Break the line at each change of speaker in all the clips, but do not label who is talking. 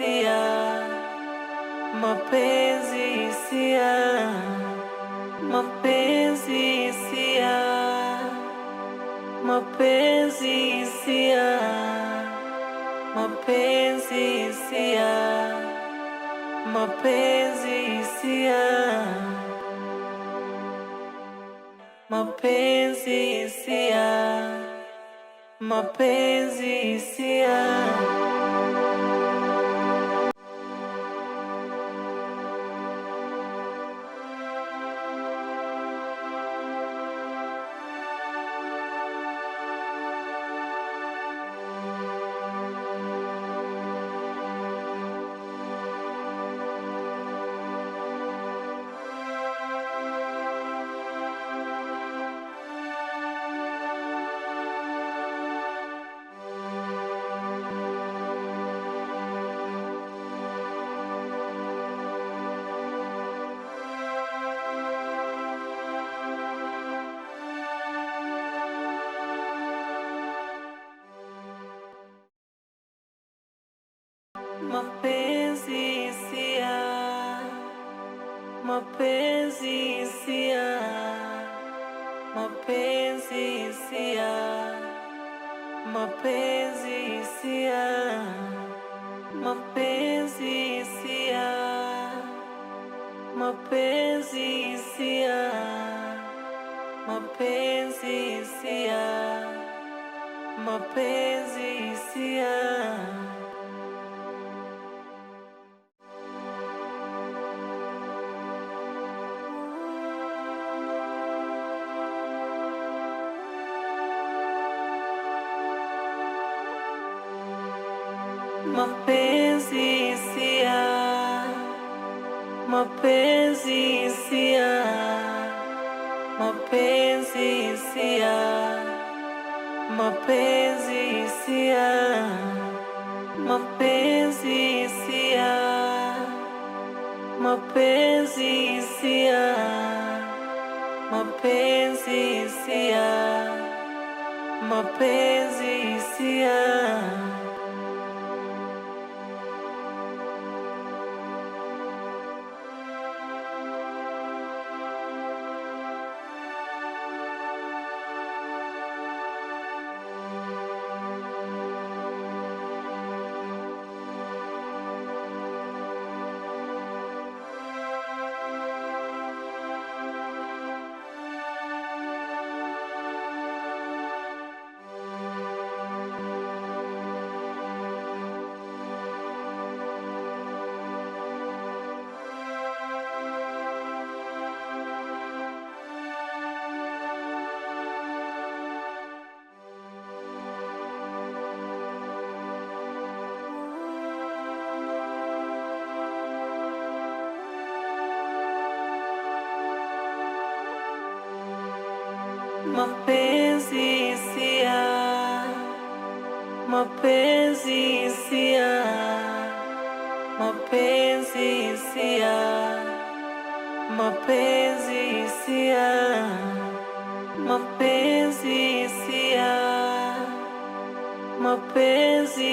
pensia mapenzi pensia ma pensia mapenzi pensia mapenzi pensia ma pensia mapenzi pensia mapenzi pensia ma hisia, mapenzi hisia, mapenzi hisia, ma hisia, mapenzi hisia, mapenzi hisia, mapenzi hisia, mapenzi hisia, ma hisia, mapenzi hisia, mapenzi hisia, ma hisia, mapenzi hisia, mapenzi hisia. mapenzi hisia, mapenzi hisia, ma hisia, mapenzi hisia, mapenzi hisia, ma hisia, mapenzi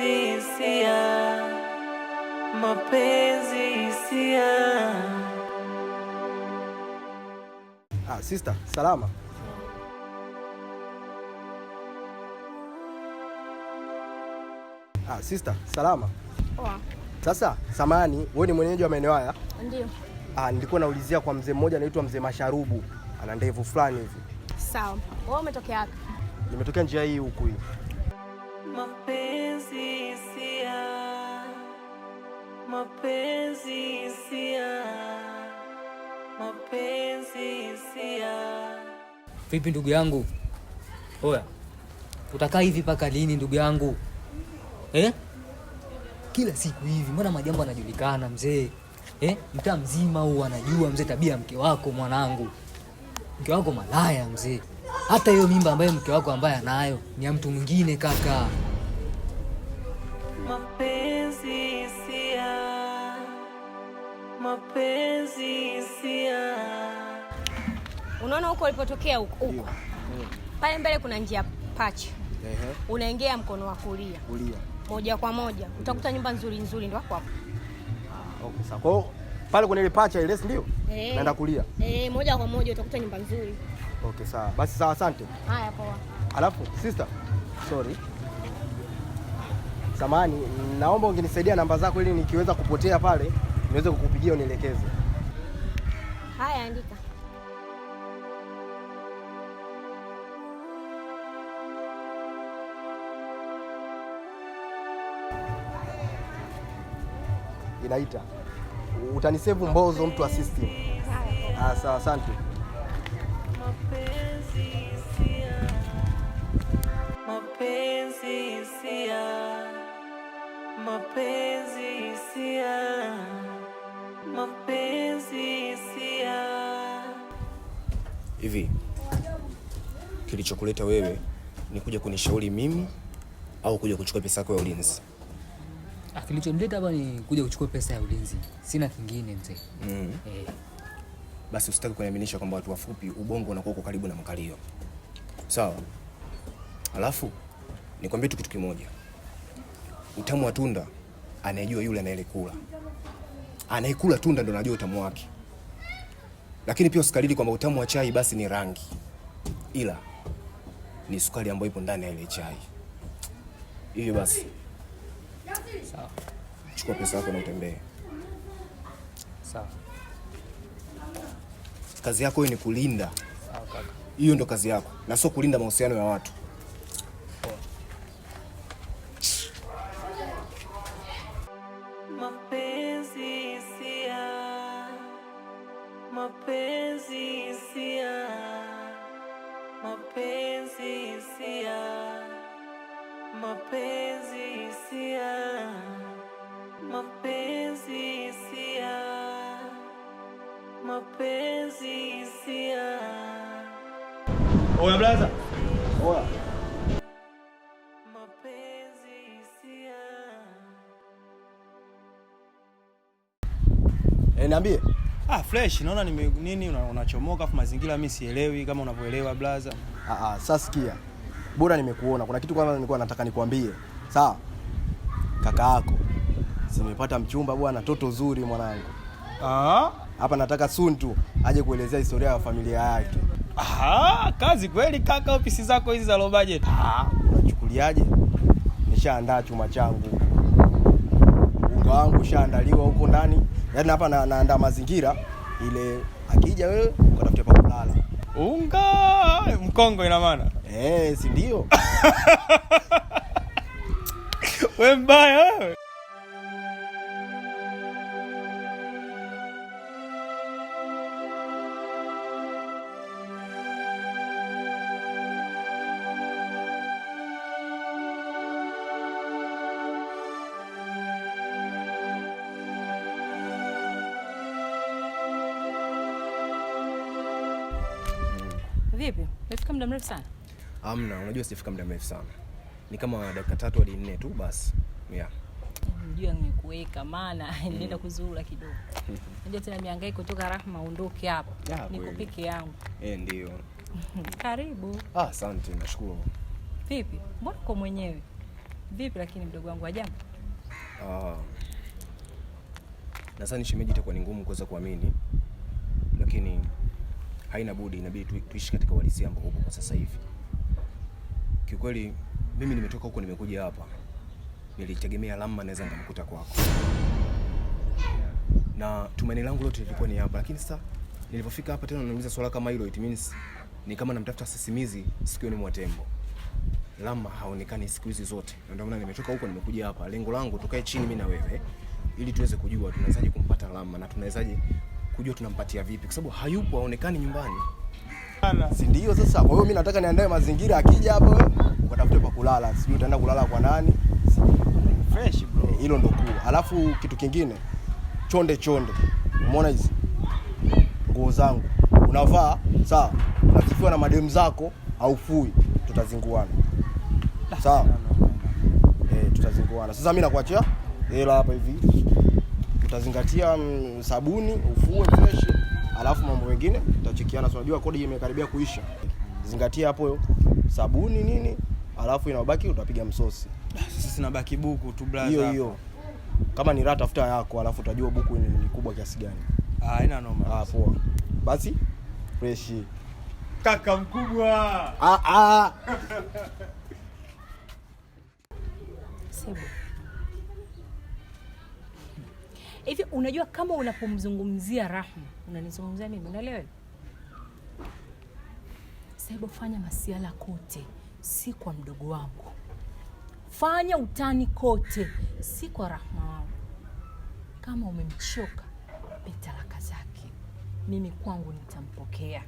hisia, mapenzi hisia.
Ah, sister, salama. Ah, sister, salama. Poa. Sasa samani, wewe ni mwenyeji wa maeneo haya? Ndio. Ah, nilikuwa naulizia kwa mzee mmoja anaitwa mzee Masharubu. Ana ndevu fulani hivi.
Sawa. Wewe umetokea wapi?
Nimetokea njia hii huku hii.
Mapenzi sia. Mapenzi sia mapenzi hisia.
Vipi ndugu yangu? Oya, utakaa hivi mpaka lini ndugu yangu eh? Kila siku hivi, mbona majambo anajulikana mzee eh? Mtaa mzima huu anajua mzee tabia mke wako mwanangu, mke wako malaya mzee. Hata hiyo mimba ambayo mke wako ambaye anayo ni ya mtu mwingine kaka.
Mapenzi hisia mapenzi hisia.
Unaona huko ulipotokea huko huko pale mbele kuna njia pacha, unaingia mkono wa kulia kulia, moja kwa moja utakuta nyumba nzuri nzuri, ndio hapo hapo.
Ah, okay, sawa. Kwa hiyo pale kuna ile pacha ile, si ndio? Eh. Naenda kulia
eh, moja kwa moja utakuta nyumba nzuri.
Okay, sawa basi, sawa, asante. Haya, poa. Alafu sister, sorry samani, naomba ungenisaidia namba zako ili nikiweza kupotea pale niweze kukupigia unielekeze. Haya, andika. Inaita utanisevu mbozo mtu asisti ah, sawa, asante.
Mapenzi hisia, mapenzi hisia
Hivi kilichokuleta wewe ni kuja kunishauri mimi au kuja kuchukua pesa yako ya ulinzi?
Ah, kilichonileta hapa ni kuja kuchukua pesa ya ulinzi, sina kingine mzee.
Mm. Eh. Basi usitaki kuniaminisha kwamba watu wafupi ubongo unakuwa uko karibu na makalio, sawa? Alafu nikwambie tu kitu kimoja, utamu wa tunda anayejua yule anayekula anayekula tunda ndo anajua utamu wake. Lakini pia usikalili kwamba utamu wa chai basi ni rangi, ila ni sukari ambayo ipo ndani ya ile chai. Hivyo basi, sawa, chukua pesa yako na utembee. Sawa, kazi yako ni kulinda. Sawa kaka, hiyo ndo kazi yako, na sio kulinda mahusiano ya watu. Oya blaza. Oya. Eh, niambie.
Ah, fresh, naona ni nini unachomoka afu mazingira mimi sielewi kama unavyoelewa blaza.
Ah ah, sasa sikia. Bora nimekuona. Kuna kitu kwanza nilikuwa nataka nikwambie. Sawa? Kaka yako. Simepata mchumba bwana, toto zuri mwanangu. Ah, hapa nataka soon tu aje kuelezea historia ya familia yake.
Aha, kazi kweli kaka, ofisi zako hizi za low budget.
Ah, unachukuliaje? Nishaandaa chuma changu, unga wangu ushaandaliwa huko ndani, yaani hapa na, naandaa mazingira ile, akija wewe ukatafuta pa kulala.
Unga mkongo, ina maana
eh, si ndio?
we mbaya wewe.
Vipi? Umefika muda mrefu sana?
amna unajua sijafika muda mrefu sana. Ni kama dakika tatu hadi nne tu basi. Yeah.
Unajua nimekuweka maana nilienda kuzurura kidogo. Unajua tena mihangaiko kutoka Rahma undoke hapo. Niko peke yangu. Eh, ndio. Karibu.
Ah, asante, nashukuru.
Vipi? Mbona uko mwenyewe? Vipi lakini mdogo wangu ajambo?
Ah. Nadhani shemeji itakuwa ni ngumu kuweza kuamini. Lakini haina budi, inabidi tuishi katika uhalisia ambao upo kwa sasa hivi. Kiukweli mimi nimetoka huko nimekuja hapa, nilitegemea lama naweza nikamkuta kwako, na tumaini langu lote lilikuwa ni hapa, lakini sasa nilipofika hapa tena nauliza swala kama hilo, it means ni kama namtafuta sisimizi sikioni mwa tembo. Lama haonekani siku hizi zote, na ndio maana nimetoka huko nimekuja hapa. Lengo langu tukae chini mimi na wewe, ili tuweze kujua tunawezaje kumpata Lama na tunawezaje kujua tunampatia vipi, kwa sababu hayupo, haonekani nyumbani, si ndio? Sasa kwa hiyo mimi nataka niandae mazingira, akija hapo ukatafute eh, pa kulala, sijui utaenda kulala kwa nani. Fresh bro, eh, hilo ndo kuu. Alafu kitu kingine, chonde chonde, umeona hizi nguo zangu unavaa sawa, nazifiwa na mademu zako, haufui, tutazinguana sawa. Eh, tutazinguana sasa. Mimi nakuachia hela hapa hivi utazingatia mm, sabuni, ufue fresh, alafu mambo mengine tutachekiana. unajua kodi imekaribia kuisha, zingatia hapo sabuni nini, alafu inaobaki utapiga msosi.
Sisi nabaki buku tu brother,
hiyo hiyo. Kama ni raha tafuta yako, alafu utajua buku ni kubwa kiasi gani. Ah, ina noma. Ah, poa basi, fresh
kaka mkubwa.
Ah, ah.
Hivi unajua kama unapomzungumzia Rahma unanizungumzia mimi, unaelewa? sahibu fanya masiala kote, si kwa mdogo wangu. Fanya utani kote, si kwa Rahma wangu. Kama umemchoka petalaka zake, mimi kwangu nitampokea,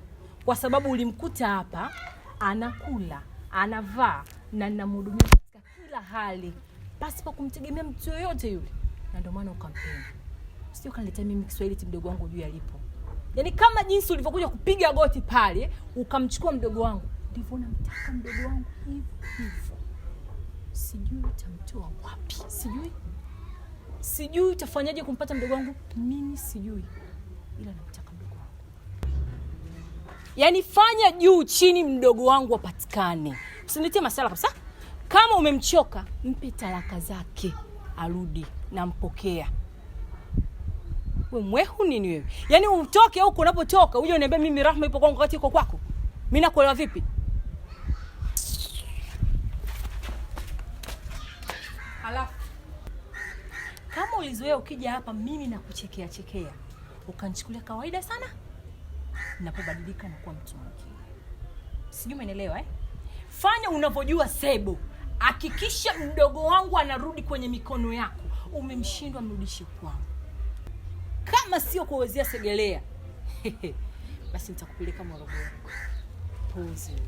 kwa sababu ulimkuta hapa anakula, anavaa na ninamhudumia katika kila hali pasipo kumtegemea mtu yoyote yule, na ndio maana ukampenda sio kaniletea mimi Kiswahili ti mdogo wangu juu alipo. Yaani kama jinsi ulivyokuja kupiga goti pale ukamchukua mdogo wangu, ndivyo namtaka mdogo wangu hivyo hivyo. Sijui utamtoa wapi, sijui sijui utafanyaje kumpata mdogo wangu, mimi sijui, ila namtaka mdogo wangu. Yaani fanya juu chini, mdogo wangu apatikane. Usinitie masala kabisa. Kama umemchoka mpe talaka zake, arudi, nampokea we mwehu nini wewe? Yaani utoke huko unapotoka uje uniambie mimi rahma ipo kwangu wakati iko kwako. Mimi nakuelewa vipi? Alafu kama ulizoea ukija hapa mimi nakuchekea chekea, ukanichukulia kawaida sana, napobadilika na kuwa mtu mwingine, sijui umeelewa eh? Fanya unavyojua Sebo, hakikisha mdogo wangu anarudi kwenye mikono yako. Umemshindwa, mrudishe kwangu kama sio kuwezea Segelea basi nitakupeleka Morogoro. Pumzika.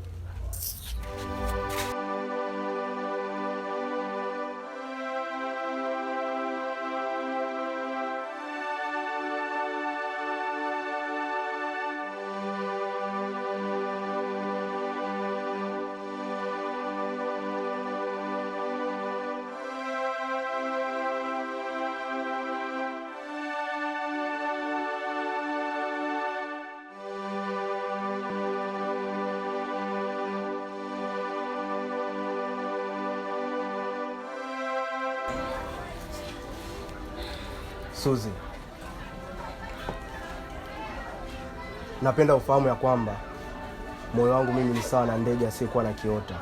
Suzi, napenda ufahamu ya kwamba moyo wangu mimi ni sawa na ndege asiyekuwa na kiota,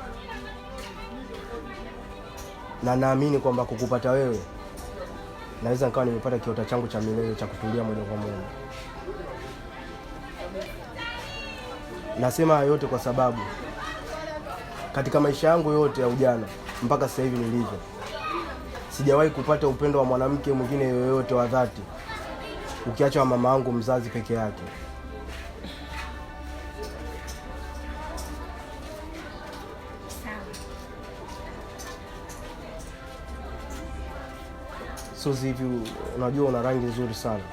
na naamini kwamba kukupata wewe naweza nikawa nimepata kiota changu cha milele cha kutulia moja kwa moja. Nasema haya yote kwa sababu katika maisha yangu yote ya ujana mpaka sasa hivi nilivyo sijawahi kupata upendo wa mwanamke mwingine yoyote wa dhati, ukiacha wa mama yangu mzazi peke yake. Suzi, hivi unajua una rangi nzuri sana.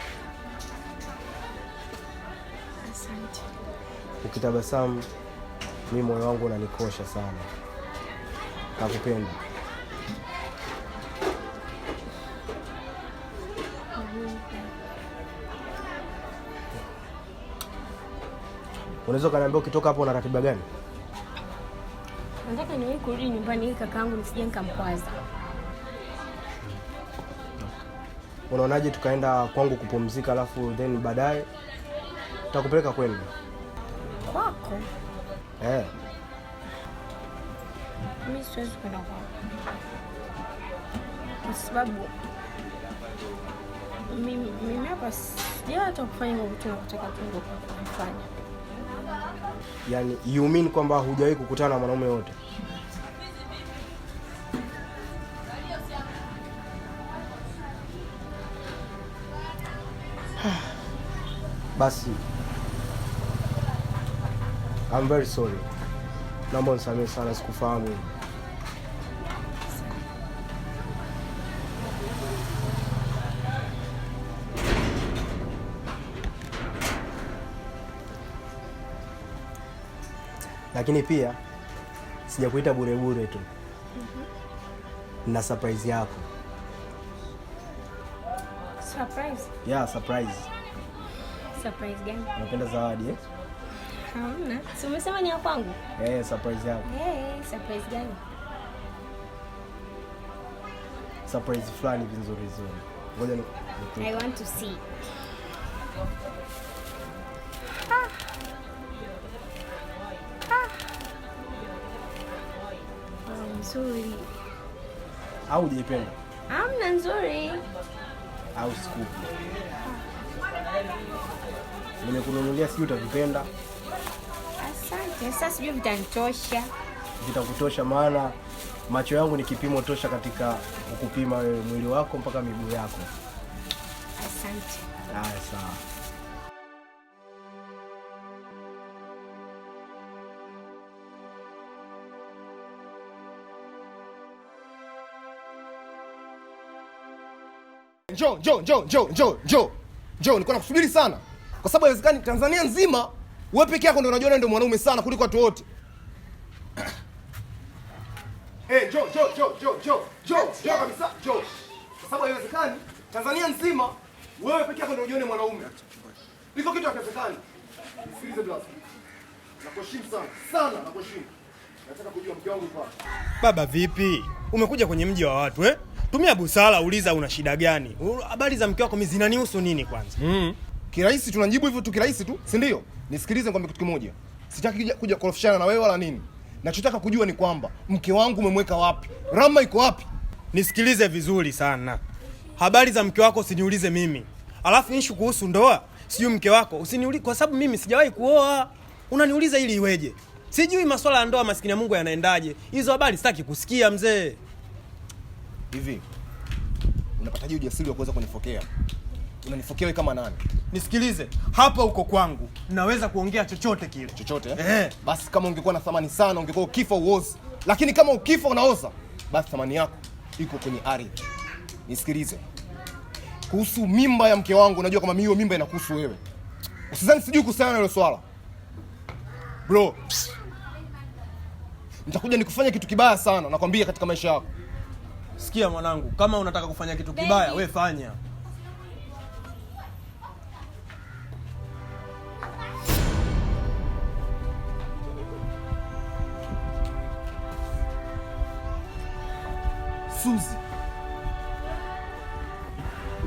Ukitabasamu mi moyo wangu unanikosha sana, nakupenda. Unaweza ukaniambia ukitoka hapo una ratiba gani?
Nataka niwe kurudi nyumbani ili kakaangu nisije nikamkwaza.
Unaonaje tukaenda kwangu kupumzika, alafu then baadaye tutakupeleka kwenu kwako? Eh,
mimi siwezi kwenda kwako kwa sababu mimi hapa sijawa hata kufanya mambo tunayotaka tu kufanya
yani you mean kwamba hujawahi kukutana na mwanaume yote? Basi, I'm very sorry, naomba nisamehe sana, sikufahamu. lakini pia sijakuita bure bure tu mm -hmm. na surprise yako. Surprise? Yeah, surprise.
Surprise gani?
Unapenda zawadi eh?
Hamna. Si umesema ni ya kwangu?
Eh, hey, surprise yako. Eh,
hey, surprise gani?
Surprise flani nzuri nzuri. Ngoja ni
I want to see. nzuri
au hujaipenda?
Hamna nzuri
au sikupi, kununulia sijui utavipenda.
Asante. Sasa sijui vitanitosha,
vitakutosha? Maana macho yangu ni kipimo tosha katika kukupima wewe mwili wako mpaka miguu yako. Asante. Haya, sawa.
njoo njoo njoo njoo njoo njoo njoo, nilikuwa nakusubiri sana, kwa sababu haiwezekani Tanzania nzima wewe peke yako ndio unajiona ndio mwanaume sana kuliko watu wote. Eh, njoo njoo njoo njoo njoo njoo njoo kabisa, njoo, kwa sababu haiwezekani Tanzania nzima wewe peke yako ndio unajiona mwanaume, liko kitu hakiwezekani. Sikilize blaza, nakuheshimu sana sana, nakuheshimu. Nataka kujua mke wangu hapa.
Baba vipi, umekuja kwenye mji wa watu eh? tumia busara, uliza una shida gani? Habari za mke wako mimi zinanihusu nini kwanza?
Mm.
Kirahisi tunajibu hivyo tu kirahisi tu, si ndio? Nisikilize nikwambie kitu kimoja. Sitaki kuja kurofishana na wewe wala nini. Nachotaka kujua ni kwamba mke wangu umemweka wapi? Rama iko wapi?
Nisikilize vizuri sana. Habari za mke wako usiniulize mimi. Alafu issue kuhusu ndoa, sijui mke wako usiniulize kwa sababu mimi sijawahi kuoa. Unaniuliza ili iweje? Sijui masuala ya ndoa, maskini ya Mungu, yanaendaje. Hizo habari sitaki kusikia mzee.
Hivi unapataje ujasiri wa kuweza kunifokea? Unanifokea wewe kama nani?
Nisikilize, hapa uko kwangu, naweza kuongea chochote kile. Chochote eh?
Basi kama ungekuwa na thamani sana, ungekuwa ukifa uozi, lakini kama ukifa unaoza, basi thamani yako iko kwenye ardhi. Nisikilize, kuhusu mimba ya mke wangu, unajua kama hiyo mimba inakuhusu wewe. Usizani sijui kuhusiana na hilo swala bro, nitakuja nikufanya kitu kibaya sana, nakwambia katika maisha yako
sikia mwanangu, kama unataka kufanya kitu kibaya we fanya.
Suzi,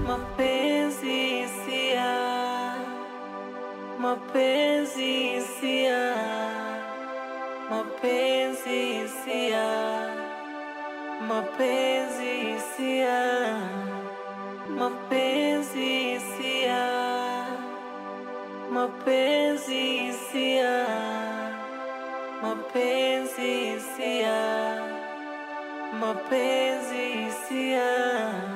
mapenzi sia, mapenzi sia, mapenzi sia Mapenzi hisia, mapenzi hisia, mapenzi